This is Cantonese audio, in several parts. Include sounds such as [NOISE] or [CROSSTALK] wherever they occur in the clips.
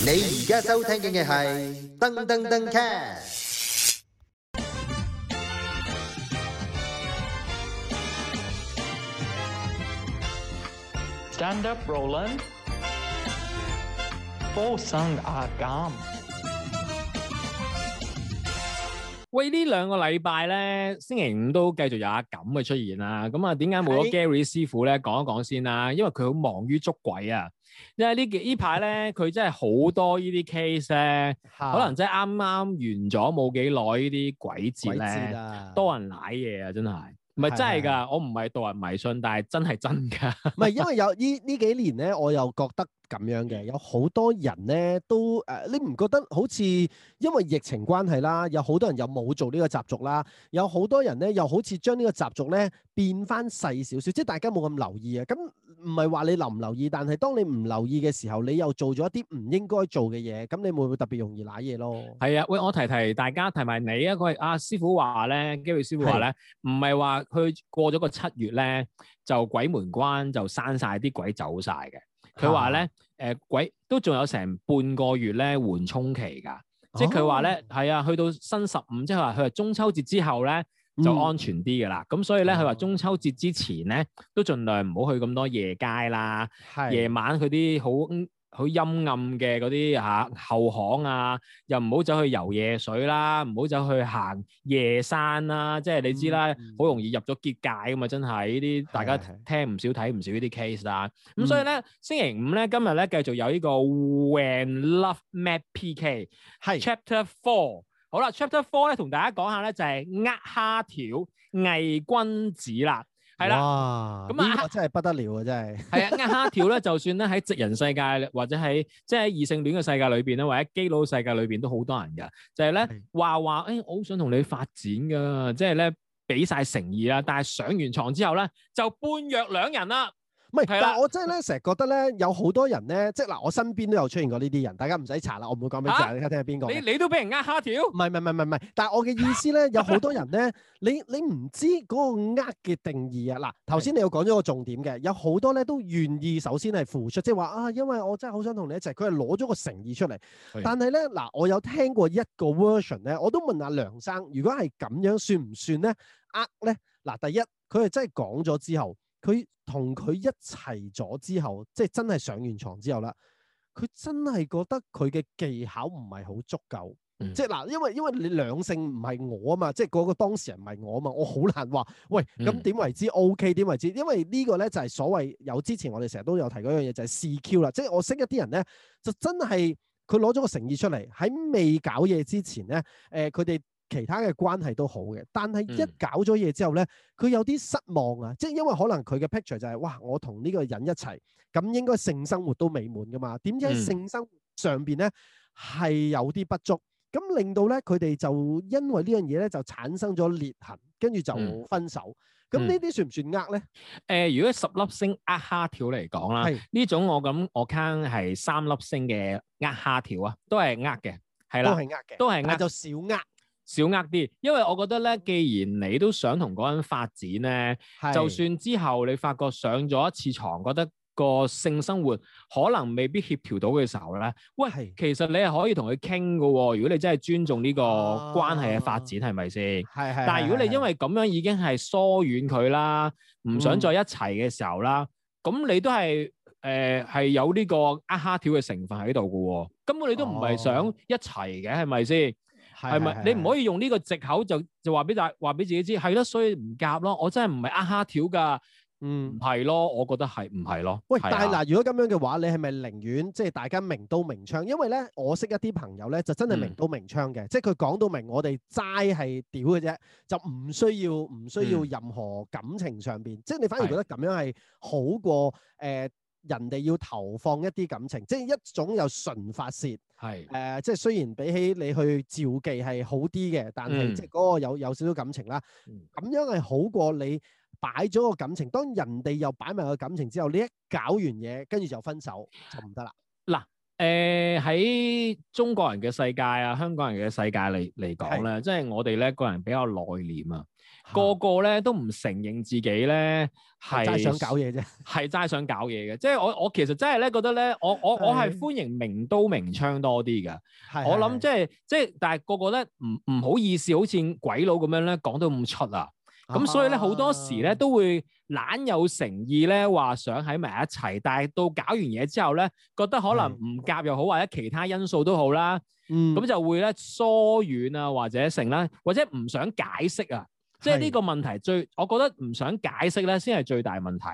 你而家收聽嘅係燈登登 cast。Stand up, Roland. Four song agam。喂，呢兩個禮拜咧，星期五都繼續有阿咁嘅出現啦。咁啊，點解冇咗 Gary 師傅呢？講一講先啦。因為佢好忙於捉鬼啊。因為呢幾呢排咧，佢真係好多呢啲 case 咧，可能真係啱啱完咗冇幾耐呢啲鬼節咧，多人瀨嘢啊，真係，唔係真係㗎，的我唔係導人迷信，但係真係真㗎。唔係的 [LAUGHS] 因為有呢呢幾年咧，我又覺得。咁樣嘅，有好多人咧都誒，你唔覺得好似因為疫情關係啦，有好多人又冇做呢個習俗啦，有好多人咧又好似將呢個習俗咧變翻細少少，即係大家冇咁留意啊。咁唔係話你留唔留意，但係當你唔留意嘅時候，你又做咗一啲唔應該做嘅嘢，咁你會唔會特別容易揦嘢咯？係啊，喂，我提提大家，提埋你啊，佢阿師傅話咧，Gary 師傅話咧，唔係話佢過咗個七月咧，就鬼門關就閂曬啲鬼走曬嘅，佢話咧。誒、呃、鬼都仲有成半個月咧緩衝期㗎，即係佢話咧，係、哦、啊，去到新十五，即係話佢話中秋節之後咧就安全啲㗎啦。咁、嗯、所以咧，佢話、哦、中秋節之前咧都盡量唔好去咁多夜街啦，夜是晚佢啲好。嗯好陰暗嘅嗰啲嚇後巷啊，又唔好走去遊夜水啦，唔好走去行夜山啦，即係你知啦，好容易入咗結界噶嘛，真係呢啲大家聽唔少睇唔少呢啲 case 啦。咁所以咧，星期五咧，今日咧繼續有呢個 When Love Met PK 係 Chapter Four。好啦，Chapter Four 咧同大家講下咧就係呃蝦條偽君子啦。係啦，咁啊哇、嗯、真係不得了啊！真係是，係啊 [LAUGHS] ，呃蝦條咧，就算咧喺直人世界或者喺即係異性戀嘅世界裏邊咧，或者基佬世界裏邊都好多人噶，就係咧話話誒，我好想同你發展噶，即係咧俾晒誠意啦，但係上完床之後咧就半約兩人啦。唔係，但係我真係咧，成日覺得咧，有好多人咧，即係嗱，我身邊都有出現過呢啲人。大家唔使查啦，我唔會講俾大家聽係邊個。你你都俾人呃蝦條？唔係，唔係，唔係唔係， [LAUGHS] 但係我嘅意思咧，有好多人咧，你你唔知嗰個呃嘅定義啊。嗱，頭先你有講咗個重點嘅，有好多咧都願意首先係付出，即係話啊，因為我真係好想同你一齊。佢係攞咗個誠意出嚟，的但係咧嗱，我有聽過一個 version 咧，我都問阿梁生，如果係咁樣算唔算咧呃咧？嗱，第一佢係真係講咗之後。佢同佢一齊咗之後，即係真係上完床之後啦，佢真係覺得佢嘅技巧唔係好足夠，嗯、即係嗱，因為因為你兩性唔係我啊嘛，即係嗰個當事人唔係我啊嘛，我好難話喂咁點為之 OK，點為之？因為個呢個咧就係、是、所謂有之前我哋成日都有提嗰樣嘢就係、是、試 Q 啦，即係我識一啲人咧就真係佢攞咗個誠意出嚟，喺未搞嘢之前咧，誒佢哋。其他嘅關係都好嘅，但係一搞咗嘢之後咧，佢有啲失望啊，即係、嗯、因為可能佢嘅 picture 就係、是、哇，我同呢個人一齊咁應該性生活都美滿噶嘛。點知喺性生活上邊咧係有啲不足，咁、嗯嗯、令到咧佢哋就因為呢樣嘢咧就產生咗裂痕，跟住就分手。咁、嗯、呢啲算唔算呃咧？誒，如果十粒星呃、啊、蝦條嚟講啦，呢是的 種我咁我傾係三粒星嘅呃蝦條啊，都係呃嘅，係啦，都係呃嘅，都係呃，但係就少呃。少呃啲，因為我覺得咧，既然你都想同嗰個人發展咧，就算之後你發覺上咗一次牀，覺得個性生活可能未必協調到嘅時候咧，喂，其實你係可以同佢傾嘅。如果你真係尊重呢個關係嘅發展，係咪先？係係。但係如果你因為咁樣已經係疏遠佢啦，唔想再一齊嘅時候啦，咁你都係誒係有呢個呃蝦條嘅成分喺度嘅喎，根本你都唔係想一齊嘅，係咪先？係咪？你唔可以用呢個藉口就就話俾大話俾自己知，係咯，所以唔夾咯。我真係唔係呃蝦條噶，嗯，係咯，我覺得係唔係咯？喂，的但係嗱，如果咁樣嘅話，你係咪寧願即係大家明刀明槍？因為咧，我識一啲朋友咧，就真係明刀明槍嘅，嗯、即係佢講到明，我哋齋係屌嘅啫，就唔需要唔需要任何感情上面，嗯、即係你反而覺得咁樣係好過誒。呃人哋要投放一啲感情，即係一種有純發泄，係誒是、呃，即係雖然比起你去召妓係好啲嘅，但係、嗯、即係嗰個有有少少感情啦，咁、嗯、樣係好過你擺咗個感情。當人哋又擺埋個感情之後，你一搞完嘢，跟住就分手，就唔得啦。嗱、啊。誒喺、呃、中國人嘅世界啊，香港人嘅世界嚟嚟講咧，是即係我哋咧個人比較內斂啊，是個個咧都唔承認自己咧係齋想搞嘢啫，係齋想搞嘢嘅。即係我我，我其實真係咧覺得咧，我是我我係歡迎明刀明槍多啲㗎。的我諗即係即係，但係個個咧唔唔好意思，好似鬼佬咁樣咧講到咁出啊～咁所以咧，啊、好多時咧都會懶有誠意咧，話想喺埋一齊，但係到搞完嘢之後咧，覺得可能唔夾又好，是或者其他因素都好啦，嗯，咁就會咧疏遠啊，或者成啦，或者唔想解釋啊，即係呢個問題最，是我覺得唔想解釋咧，先係最大問題，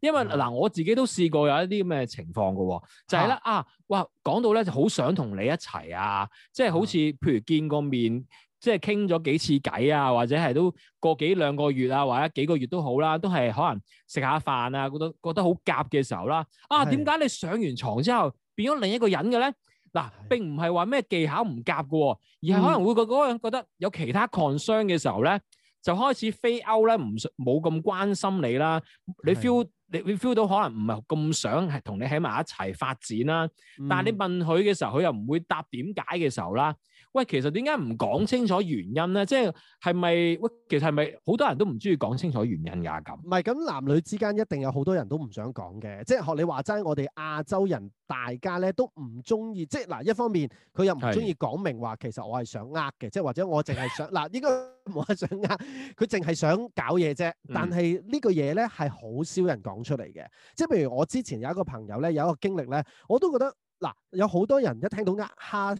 因為嗱、嗯，我自己都試過有一啲咁嘅情況嘅，就係、是、咧啊，啊，哇，講到咧就好想同你一齊啊，即係好似譬如見個面。即係傾咗幾次偈啊，或者係都過幾兩個月啊，或者幾個月都好啦，都係可能食下飯啊，覺得覺得好夾嘅時候啦。啊，點解你上完牀之後變咗另一個人嘅咧？嗱，並唔係話咩技巧唔夾嘅，而係可能會個嗰樣覺得有其他 concern 嘅時候咧，就開始 fade out 咧，唔冇咁關心你啦。你 feel 你 feel 到可能唔係咁想係同你喺埋一齊發展啦。但係你問佢嘅時候，佢又唔會答點解嘅時候啦。喂，其實點解唔講清楚原因咧？即係係咪喂？其實係咪好多人都唔中意講清楚原因㗎咁？唔係咁，男女之間一定有好多人都唔想講嘅。即係學你話齋，我哋亞洲人大家咧都唔中意。即係嗱，一方面佢又唔中意講明話，是其實我係想呃嘅。即係或者我淨係想嗱，應 [LAUGHS] 該冇得想呃。佢淨係想搞嘢啫。但係呢個嘢咧係好少人講出嚟嘅。嗯、即係譬如我之前有一個朋友咧，有一個經歷咧，我都覺得嗱，有好多人一聽到呃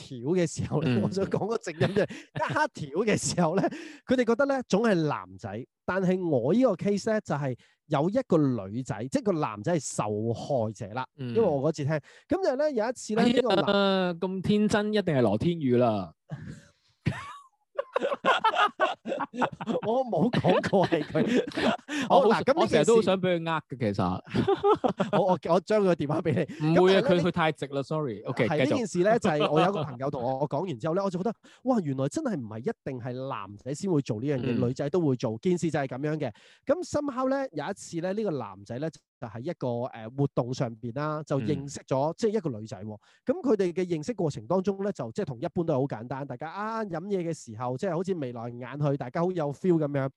挑嘅時候咧，嗯、我想講個正音就係、是、 [LAUGHS] 一黑挑嘅時候咧，佢哋覺得咧總係男仔，但係我呢個 case 咧就係有一個女仔，即、就、係、是、個男仔係、就是、受害者啦，嗯、因為我嗰次聽，咁就咧有一次咧呢、哎、呀個男仔咁天真，一定係羅天宇啦。 [LAUGHS] [LAUGHS] 我冇講過係佢，我我成日都好想俾佢呃嘅，其實 [LAUGHS] [LAUGHS] 好我我我將佢個電話俾你，唔會啊，佢佢太直啦，sorry。OK，呢件事咧 [LAUGHS] 就係我有一個朋友同我講完之後咧，我就覺得哇，原來真係唔係一定係男仔先會做呢樣嘢，嗯、女仔都會做，件事就係咁樣嘅。咁 somehow 咧有一次咧，呢、這個男仔咧。就喺一個誒活動上邊啦，就認識咗，嗯、即係一個女仔喎。咁佢哋嘅認識過程當中咧，就即係同一般都係好簡單。大家啱啱飲嘢嘅時候，即係好似眉來眼去，大家好有 feel 咁樣。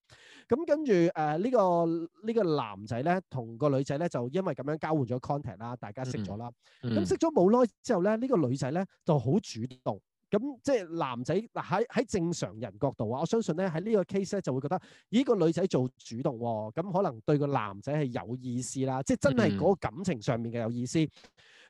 咁跟住誒呢個呢、呢個男仔咧，同個女仔咧就因為咁樣交換咗 contact 啦，大家識咗啦。咁、嗯嗯、識咗冇耐之後咧，呢、呢個女仔咧就好主動。咁即係男仔嗱，喺喺正常人角度啊，我相信咧喺呢個 case 咧就會覺得依個女仔做主動喎、哦，咁可能對個男仔係有意思啦，即係真係嗰個感情上面嘅有意思。咁、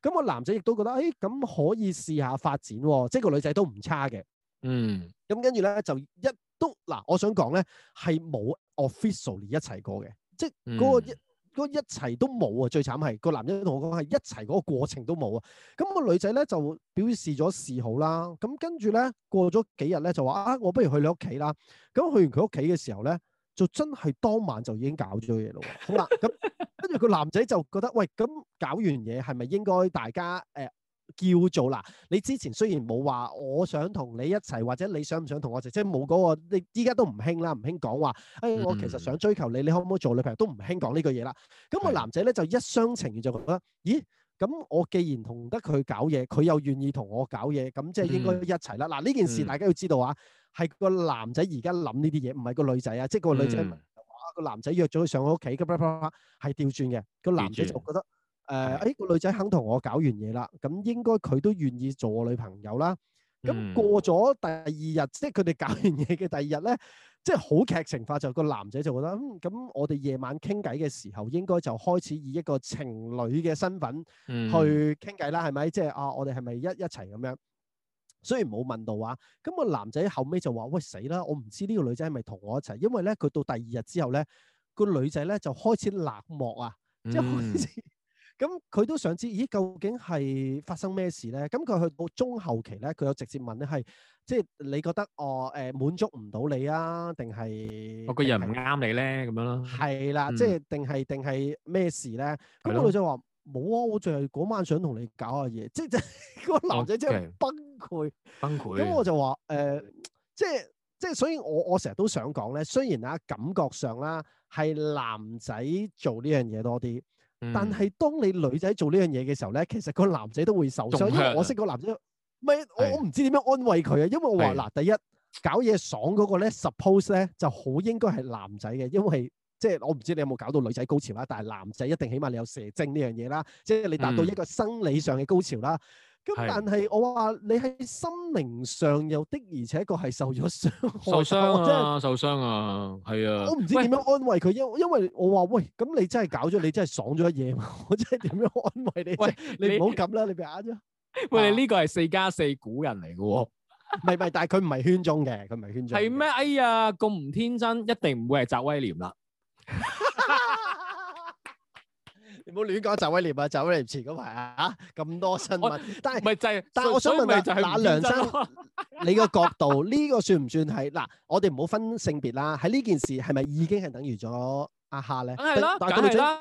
嗯、個男仔亦都覺得，誒、哎、咁可以試下發展喎、哦，即係個女仔都唔差嘅。嗯，咁跟住咧就一都嗱、啊，我想講咧係冇 officially 一齊過嘅，即係、那、嗰個、嗯如果一齊都冇啊，最慘係個男人同我講係一齊嗰個過程都冇啊。咁個女仔咧就表示咗示好啦。咁跟住咧過咗幾日咧就話啊，我不如去你屋企啦。咁去完佢屋企嘅時候咧，就真係當晚就已經搞咗嘢啦。好啦，咁跟住個男仔就覺得喂，咁搞完嘢係咪應該大家誒？呃叫做嗱，你之前雖然冇話我想同你一齊，或者你想唔想同我一齊，即係冇嗰個，你依家都唔興啦，唔興講話。誒，我其實想追求你，你可唔可以做女朋友？都唔興講呢句嘢啦。咁個男仔咧就一廂情願就覺得，咦？咁我既然同得佢搞嘢，佢又願意同我搞嘢，咁即係應該一齊啦。嗱，呢件事大家要知道啊，係個男仔而家諗呢啲嘢，唔係個女仔啊。即係個女仔話個男仔約咗佢上我屋企，咁啪啪係調轉嘅，個男仔就覺得。誒，誒個、呃哎、女仔肯同我搞完嘢啦，咁應該佢都願意做我女朋友啦。咁過咗第二日、嗯，即係佢哋搞完嘢嘅第二日咧，即係好劇情化就個、是、男仔就覺得，咁、嗯、我哋夜晚傾偈嘅時候應該就開始以一個情侶嘅身份去傾偈啦，係咪、嗯？即係啊，我哋係咪一一齊咁樣？雖然冇問到啊，咁、那個男仔後尾就話：喂死啦，我唔知呢個女仔係咪同我一齊，因為咧佢到第二日之後咧，個女仔咧就開始冷漠啊，即係開始。 [LAUGHS] 咁佢都想知，咦？究竟係發生咩事咧？咁佢去到中後期咧，佢有直接問咧，係即係你覺得哦，誒、呃，滿足唔到你啊？定係我個人唔啱是你咧？咁樣咯，係啦，嗯、即係定係定係咩事咧？咁個女仔話冇啊，我最後嗰晚想同你搞下嘢，即係即係個男仔真係崩潰，okay. 崩潰。咁我就話誒、呃，即係即係，即所以我我成日都想講咧，雖然啊，感覺上啦係男仔做呢樣嘢多啲。但係當你女仔做呢樣嘢嘅時候咧，其實個男仔都會受傷，因為我識個男仔，唔係我我唔知點樣安慰佢啊的、那個，因為我話嗱，第一搞嘢爽嗰個咧，suppose 咧就好應該係男仔嘅，因為即係我唔知你有冇搞到女仔高潮啦，但係男仔一定起碼你有射精呢樣嘢啦，即係你達到一個生理上嘅高潮啦。的咁但係我話你喺心靈上又的而且確係受咗傷害，受傷啊，受傷啊，係啊，我唔知點樣安慰佢，因因為我話喂，咁你真係搞咗，你真係爽咗一嘢，我真係點樣安慰你？喂，你唔好咁啦，你呃蝦條啫。喂，呢個係四加四古人嚟嘅喎，唔係唔係，但係佢唔係圈中嘅，佢唔係圈中。係咩？哎呀，咁唔天真，一定唔會係澤威廉啦。唔好亂講，就威廉啊，就威廉前嗰排啊，咁多新聞，但係唔係就係？但係我想問你，嗱，梁生，你個角度呢個算唔算係嗱？我哋唔好分性別啦，喺呢件事係咪已經係等於咗阿夏咧？梗係啦，梗係啦。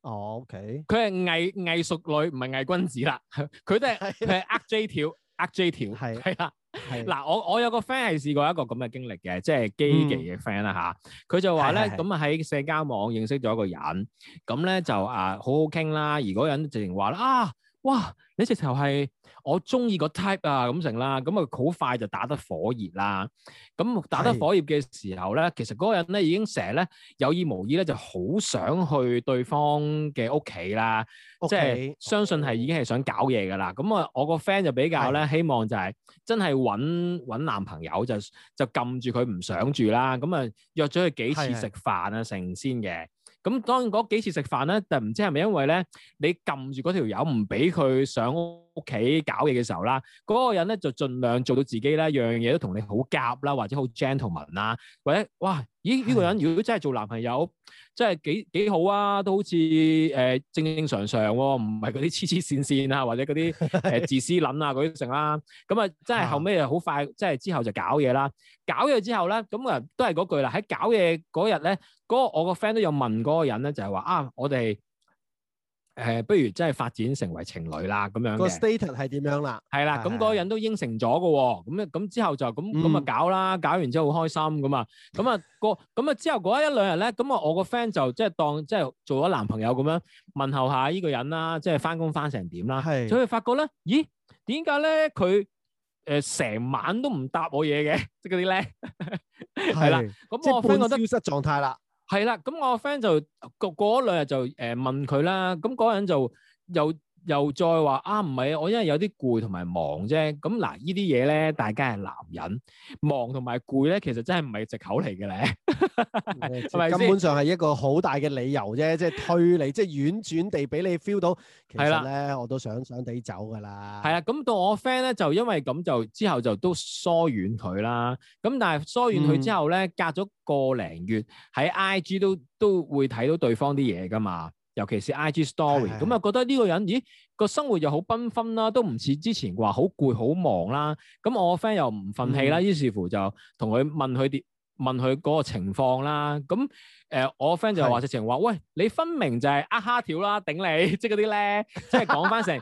哦，OK，佢係偽偽淑女，唔係偽君子啦。佢都係佢係呃蝦條，呃蝦條，係係啦。嗱是，我我有個 friend 係試過一個咁嘅經歷嘅，即係機奇嘅 friend 啦嚇，佢、嗯啊、就話咧，咁啊，喺社交網認識咗一個人，咁咧就啊，好好傾啦，而嗰人直情話啦啊，哇，你直頭係～我中意個 type 啊，咁成啦，咁啊好快就打得火熱啦。咁打得火熱嘅時候咧，的其實嗰個人咧已經成日咧有意無意咧就好想去對方嘅屋企啦，即係裡相信係已經係想搞嘢噶啦。咁啊，我個 friend 就比較咧，的希望就係真係揾揾男朋友就就撳住佢唔想住啦。咁啊約咗佢幾次食飯啊成的先嘅。咁當然嗰幾次食飯咧，就唔知係咪因為咧你撳住嗰條友唔俾佢上屋企搞嘢嘅時候啦，嗰、那個人咧就盡量做到自己啦，樣嘢都同你好夾啦，或者好 gentleman 啦，或者哇，咦呢、這個人如果真係做男朋友，是真係幾幾好啊，都好似誒、呃、正正常常喎、啊，唔係嗰啲黐黐線線啊，或者嗰啲誒自私撚啊嗰啲成啦，咁啊 [LAUGHS] 真係後尾又好快，即、就、係、是、之後就搞嘢啦，搞嘢之後咧，咁啊都係嗰句啦，喺搞嘢嗰日咧，嗰、那個、我個 friend 都有問嗰個人咧，就係、是、話啊，我哋。誒、呃，不如真係發展成為情侶啦，咁樣個 status 係點樣啦、啊？係啦，咁嗰人都應承咗嘅，咁咁之後就咁咁啊搞啦，搞完之後好開心㗎嘛，咁啊個，咁啊、嗯、之後嗰一兩日咧，咁啊我個 friend 就即係、就是、當即係、就是、做咗男朋友咁樣問候下呢個人啦，即係翻工翻成點啦，所以的發覺咧，咦，點解咧佢誒成晚都唔答我嘢嘅？即嗰啲咧係啦，咁 [LAUGHS] [LAUGHS] 我 f 覺得消失狀態啦。係啦，咁我個 friend 就過過咗兩日就誒問佢啦，咁嗰人就又，又再話啊，唔係啊，我因為有啲攰同埋忙啫。咁嗱，呢啲嘢咧，大家係男人忙同埋攰咧，其實真係唔係藉口嚟嘅咧，係 [LAUGHS] 咪根本上係一個好大嘅理由啫，即係推你，即係婉轉地俾你 feel 到。係啦，的我都想想地走噶啦。係啊，咁到我 friend 咧，就因為咁就之後就都疏遠佢啦。咁但係疏遠佢之後咧，嗯、隔咗個零月喺 IG 都都會睇到對方啲嘢噶嘛。尤其是 I G Story 咁啊的，覺得呢個人咦個生活又好繽紛啦，都唔似之前話好攰好忙啦。咁我個 friend 又唔憤氣啦，嗯、於是乎就同佢問佢啲問佢嗰個情況啦。咁誒、呃、我個 friend 就話的直情話，喂，你分明就係呃、蝦條啦頂你，即係嗰啲咧，即係講翻成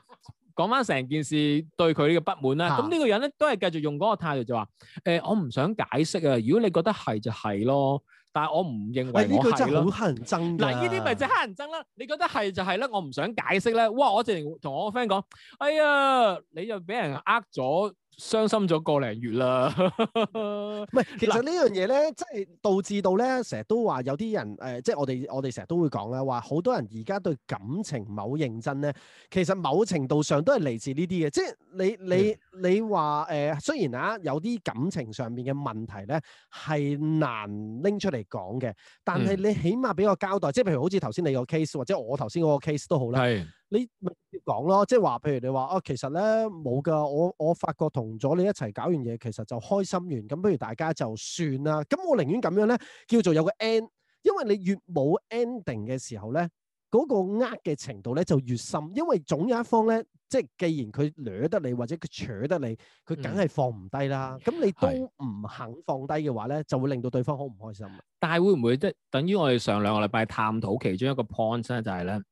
講翻成件事對佢嘅不滿啦。咁呢 [LAUGHS] 個人咧都係繼續用嗰個態度就話誒、呃，我唔想解釋啊，如果你覺得係就係咯。但係我唔認為，呢句、哎，這個、真係好乞人憎嗱、啊，呢啲咪就係乞人憎啦。你覺得係就係咧，我唔想解釋咧。哇，我淨係同我個 friend 講，哎呀，你就俾人呃咗。傷心咗個零月啦，唔係，其實呢樣嘢咧，即係導致到咧，成日都話有啲人，誒、呃，即係我哋我哋成日都會講咧，話好多人而家對感情唔係好認真咧，其實某程度上都係嚟自呢啲嘅，即係你你你話誒、呃，雖然啊有啲感情上面嘅問題咧係難拎出嚟講嘅，但係你起碼俾個交代，嗯、即係譬如好似頭先你個 case，或者我頭先嗰個 case 都好啦，係。你直接講咯，即係話，譬如你話哦、啊，其實咧冇㗎，我我發覺同咗你一齊搞完嘢，其實就開心完，咁不如大家就算啦，咁我寧願咁樣咧叫做有個 end，因為你越冇 ending 嘅時候咧。嗰個呃嘅程度咧就越深，因為總有一方咧，即係既然佢掠得你或者佢扯得你，佢梗係放唔低啦。咁、嗯、你都唔肯放低嘅話咧，是的 就會令到對方好唔開心。但係會唔會即係等於我哋上兩個禮拜探討其中一個 point 咧，就係咧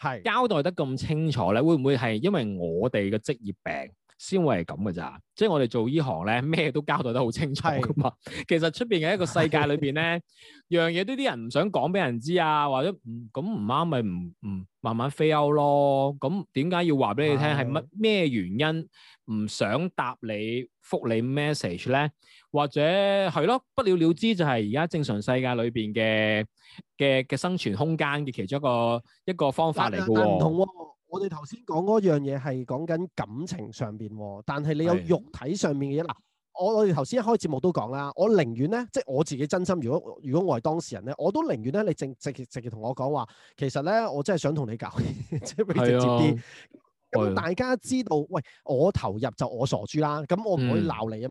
係交代得咁清楚咧，會唔會係因為我哋嘅職業病？先會係咁嘅咋，即係我哋做呢行咧，咩都交代得好清楚噶嘛。其實出邊嘅一個世界裏邊咧，樣嘢都啲人唔想講俾人知啊，或者唔咁唔啱咪唔唔慢慢 fail 咯。咁點解要話俾你聽係乜咩原因唔想答你、覆你 message 咧？或者係咯，不了了之就係而家正常世界裏邊嘅嘅嘅生存空間嘅其中一個一個方法嚟嘅喎。我哋頭先講嗰樣嘢係講緊感情上邊，但係你有肉體上面嘅嘢嗱，我我哋頭先一開節目都講啦，我寧願咧，即係我自己真心，如果如果我係當事人咧，我都寧願咧，你直直直接同我講話，其實咧，我真係想同你搞，即係俾直接啲，咁的大家知道，的喂，我投入就我傻豬啦，咁我唔可以鬧你啊。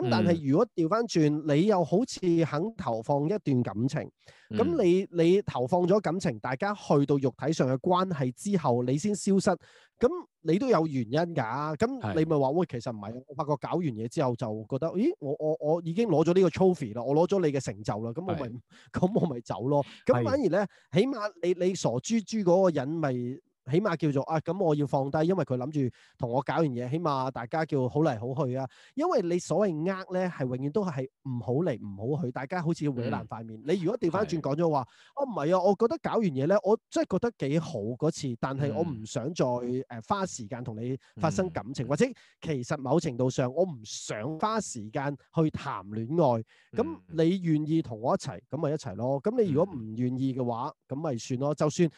咁、嗯、但係如果調翻轉，你又好似肯投放一段感情，咁、嗯、你你投放咗感情，大家去到肉體上嘅關係之後，你先消失，咁你都有原因㗎，咁你咪話喂，是其實唔係，我發覺搞完嘢之後就覺得，咦，我我我已經攞咗呢個 trophy 啦，我攞咗你嘅成就啦，咁我咪咁是我咪走咯，咁反而咧，起碼你你傻豬豬嗰個人咪、就是、～起碼叫做啊，咁我要放低，因為佢諗住同我搞完嘢，起碼大家叫好嚟好去啊。因為你所謂呃咧，係永遠都係唔好嚟唔好去，大家好似毀爛塊面。嗯、你如果調翻轉講咗話，哦唔係啊，我覺得搞完嘢咧，我真係覺得幾好嗰次，但係我唔想再誒、呃、花時間同你發生感情，嗯、或者其實某程度上我唔想花時間去談戀愛。咁、嗯、你願意同我一齊，咁咪一齊咯。咁你如果唔願意嘅話，咁咪算咯。就算。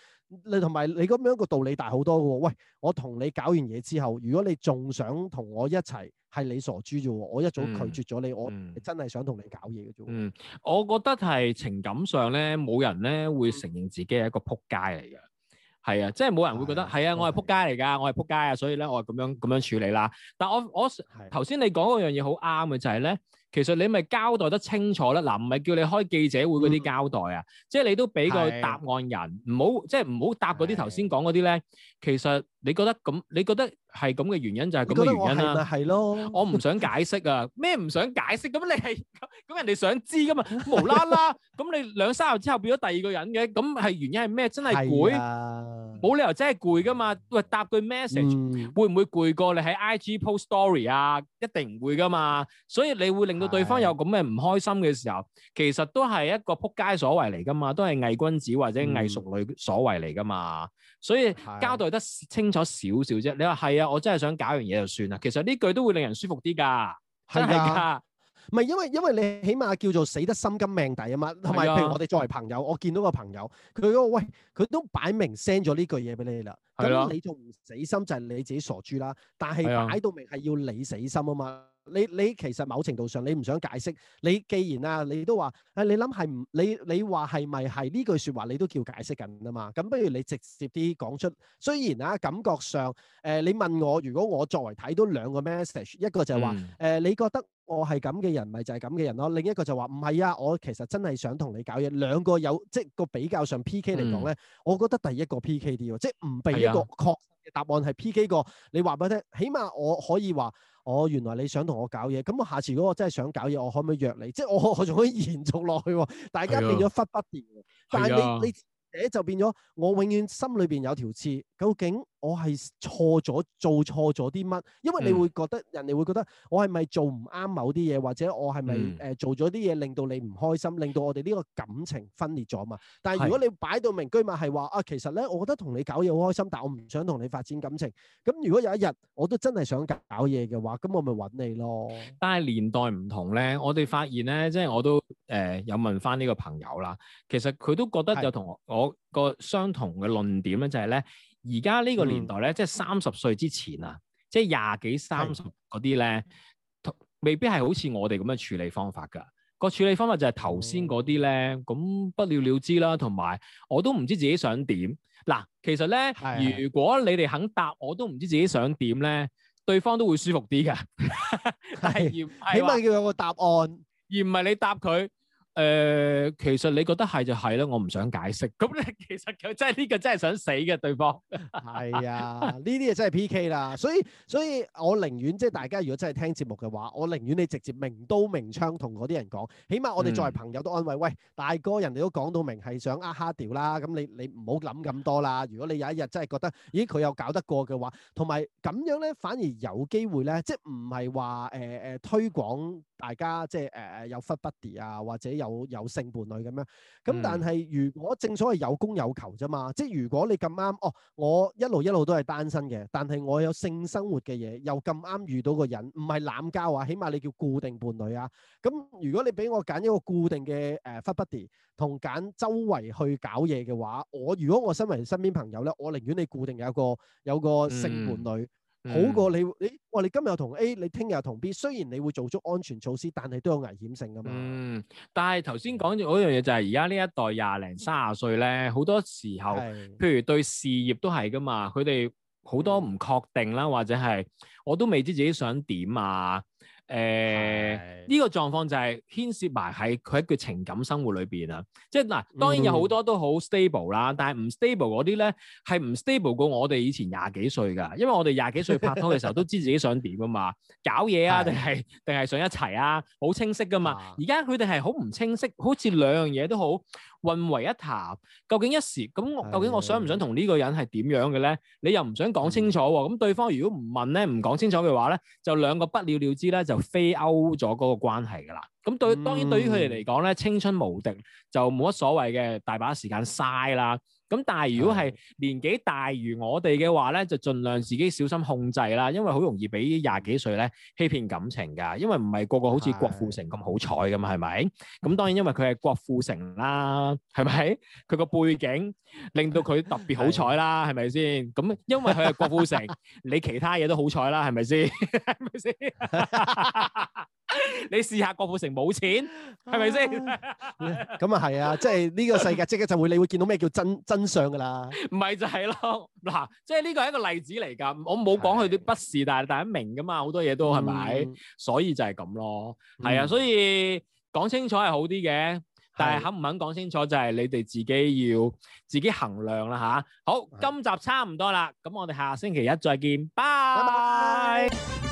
你同埋你咁樣個道理大好多嘅喎，喂！我同你搞完嘢之後，如果你仲想同我一齊，係你傻豬啫喎！我一早拒絕咗你，嗯、我真係想同你搞嘢嘅啫。嗯，我覺得係情感上咧，冇人咧會承認自己係一個撲街嚟嘅。係啊，即係冇人會覺得係啊，啊，我係撲街嚟㗎，我係撲街啊，所以咧我係咁樣咁樣處理啦。但係我我頭先、啊、你講嗰樣嘢好啱嘅就係、是、咧。其實你咪交代得清楚啦，嗱，唔係叫你開記者會嗰啲交代啊，嗯、即係你都俾個答案人，唔好即係唔好答嗰啲頭先講嗰啲咧。是的 其實你覺得咁，你覺得？係咁嘅原因就係咁嘅原因啦。係咯，我唔想解釋啊，咩唔想解釋？咁你係咁，咁人哋想知噶嘛？無啦啦，咁你兩三日之後變咗第二個人嘅，咁係原因係咩？真係攰，冇理由真係攰噶嘛？喂，答句 message 會唔會攰過你喺 IG post story 啊？一定唔會噶嘛。所以你會令到對方有咁嘅唔開心嘅時候，其實都係一個仆街所為嚟噶嘛，都係偽君子或者偽淑女所為嚟噶嘛。所以交代得清楚少少啫。你話係啊？我真係想搞完嘢就算啦，其實呢句都會令人舒服啲噶，係啊，唔係因為因為你起碼叫做死得心甘命抵啊嘛，同埋、啊、譬如我哋作為朋友，我見到個朋友，佢個喂，佢都擺明 send 咗呢句嘢俾你啦，咁、啊、你仲唔死心就係你自己傻豬啦，但係擺到明係要你死心啊嘛。你你其實某程度上你唔想解釋，你既然啊你都話，誒、啊、你諗係唔你你話係咪係呢句說話你都叫解釋緊啊嘛？咁不如你直接啲講出。雖然啊感覺上，誒、呃、你問我如果我作為睇到兩個 message，一個就係話，誒、嗯呃、你覺得我係咁嘅人，咪就係咁嘅人咯。另一個就話唔係啊，我其實真係想同你搞嘢。兩個有即個比較上 PK 嚟講咧，嗯、我覺得第一個 PK 啲，即唔俾一個確嘅答案係 PK 過。嗯、你話俾我聽，起碼我可以話。我、哦、原來你想同我搞嘢，咁我下次如果我真係想搞嘢，我可唔可以約你？即係我我仲可以延續落去喎。大家變咗忽不掂，是啊、但係你你這就變咗，我永遠心裏邊有條刺。究竟？我係錯咗，做錯咗啲乜？因為你會覺得、嗯、人哋會覺得我係咪做唔啱某啲嘢，或者我係咪誒做咗啲嘢令到你唔開心，令到我哋呢個感情分裂咗嘛？但係如果你擺到明居，居埋係話啊，其實咧，我覺得同你搞嘢好開心，但我唔想同你發展感情。咁如果有一日我都真係想搞嘢嘅話，咁我咪搵你咯。但係年代唔同咧，我哋發現咧，即、就、係、是、我都誒、呃、有問返呢個朋友啦。其實佢都覺得有同我個相同嘅論點咧，就係咧。而家呢個年代咧，嗯、即係三十歲之前啊，即係廿幾三十嗰啲咧，是未必係好似我哋咁樣處理方法㗎。個處理方法就係頭先嗰啲咧，咁、哦、不了了之啦，同埋我都唔知自己想點。嗱，其實咧，是如果你哋肯答，我都唔知自己想點咧，對方都會舒服啲㗎。係， [LAUGHS] 起碼要有個答案，而唔係你答佢。誒、呃，其實你覺得係就係啦，我唔想解釋。咁咧，其實佢真係呢個真係想死嘅對方。係 [LAUGHS] 啊，呢啲嘢真係 P K 啦。所以，所以我寧願即係大家如果真係聽節目嘅話，我寧願你直接明刀明槍同嗰啲人講，起碼我哋作為朋友都安慰，喂，大哥，人哋都講到明係想呃蝦條啦，咁你你唔好諗咁多啦。如果你有一日真係覺得，咦，佢又搞得過嘅話，同埋咁樣咧，反而有機會咧，即係唔係話誒誒推廣大家即係誒、呃、有忽不啲啊，或者。有有性伴侶咁樣，咁但係如果正所謂有供有求啫嘛。即係如果你咁啱哦，我一路一路都係單身嘅，但係我有性生活嘅嘢，又咁啱遇到個人，唔係濫交啊，起碼你叫固定伴侶啊。咁如果你俾我揀一個固定嘅誒，fuck buddy 同揀周圍去搞嘢嘅話，我如果我身為身邊朋友咧，我寧願你固定有一個有一個性伴侶，嗯。好過你你，哇！你今日同 A，你聽日同 B，雖然你會做足安全措施，但係都有危險性噶嘛。嗯，但係頭先講咗嗰樣嘢就係而家呢一代廿零三十歲咧，好多時候，的譬如對事業都係噶嘛，佢哋好多唔確定啦，嗯、或者係我都未知自己想點啊。誒呢、呃、是個狀況就係牽涉埋喺佢一個情感生活裏邊啊！即係嗱，當然有好多都好 stable 啦、嗯，但係唔 stable 嗰啲咧係唔 stable 過我哋以前廿幾歲噶，因為我哋廿幾歲拍拖嘅時候都知自己想點噶嘛，搞嘢啊定係定係想一齊啊，好清晰噶嘛。而家佢哋係好唔清晰，好似兩樣嘢都好。混為一談，究竟一時咁，究竟我想唔想同呢個人係點樣嘅咧？ [NOISE] 你又唔想講清楚喎、啊？咁對方如果唔問咧，唔講清楚嘅話咧，就兩個不了了之咧，就飛歐咗嗰個關係噶啦。咁對，當然對於佢哋嚟講咧， [NOISE] 青春無敵就冇乜所謂嘅，大把時間嘥啦。咁但係如果係年紀大於我哋嘅話咧，就盡量自己小心控制啦，因為好容易俾廿幾歲咧欺騙感情噶，因為唔係個個個好似郭富城咁好彩噶嘛，係咪？咁當然因為佢係郭富城啦，係咪？佢個背景令到佢特別好彩啦，係咪先？咁因為佢係郭富城， [LAUGHS] 你其他嘢都好彩啦，係咪先？係咪先？ [LAUGHS] [LAUGHS] 你試下郭富城冇錢，係咪先？咁啊係啊，即係呢個世界即刻就會，你會見到咩叫真真相㗎啦。唔係就係咯，嗱，即係呢個係一個例子嚟㗎。我冇講佢啲不是，但係大家明㗎嘛，好多嘢都係咪？所以就係咁咯，係啊。所以講清楚係好啲嘅，但係肯唔肯講清楚就係你哋自己要自己衡量啦吓。好，今集差唔多啦，咁我哋下星期一再見，拜拜。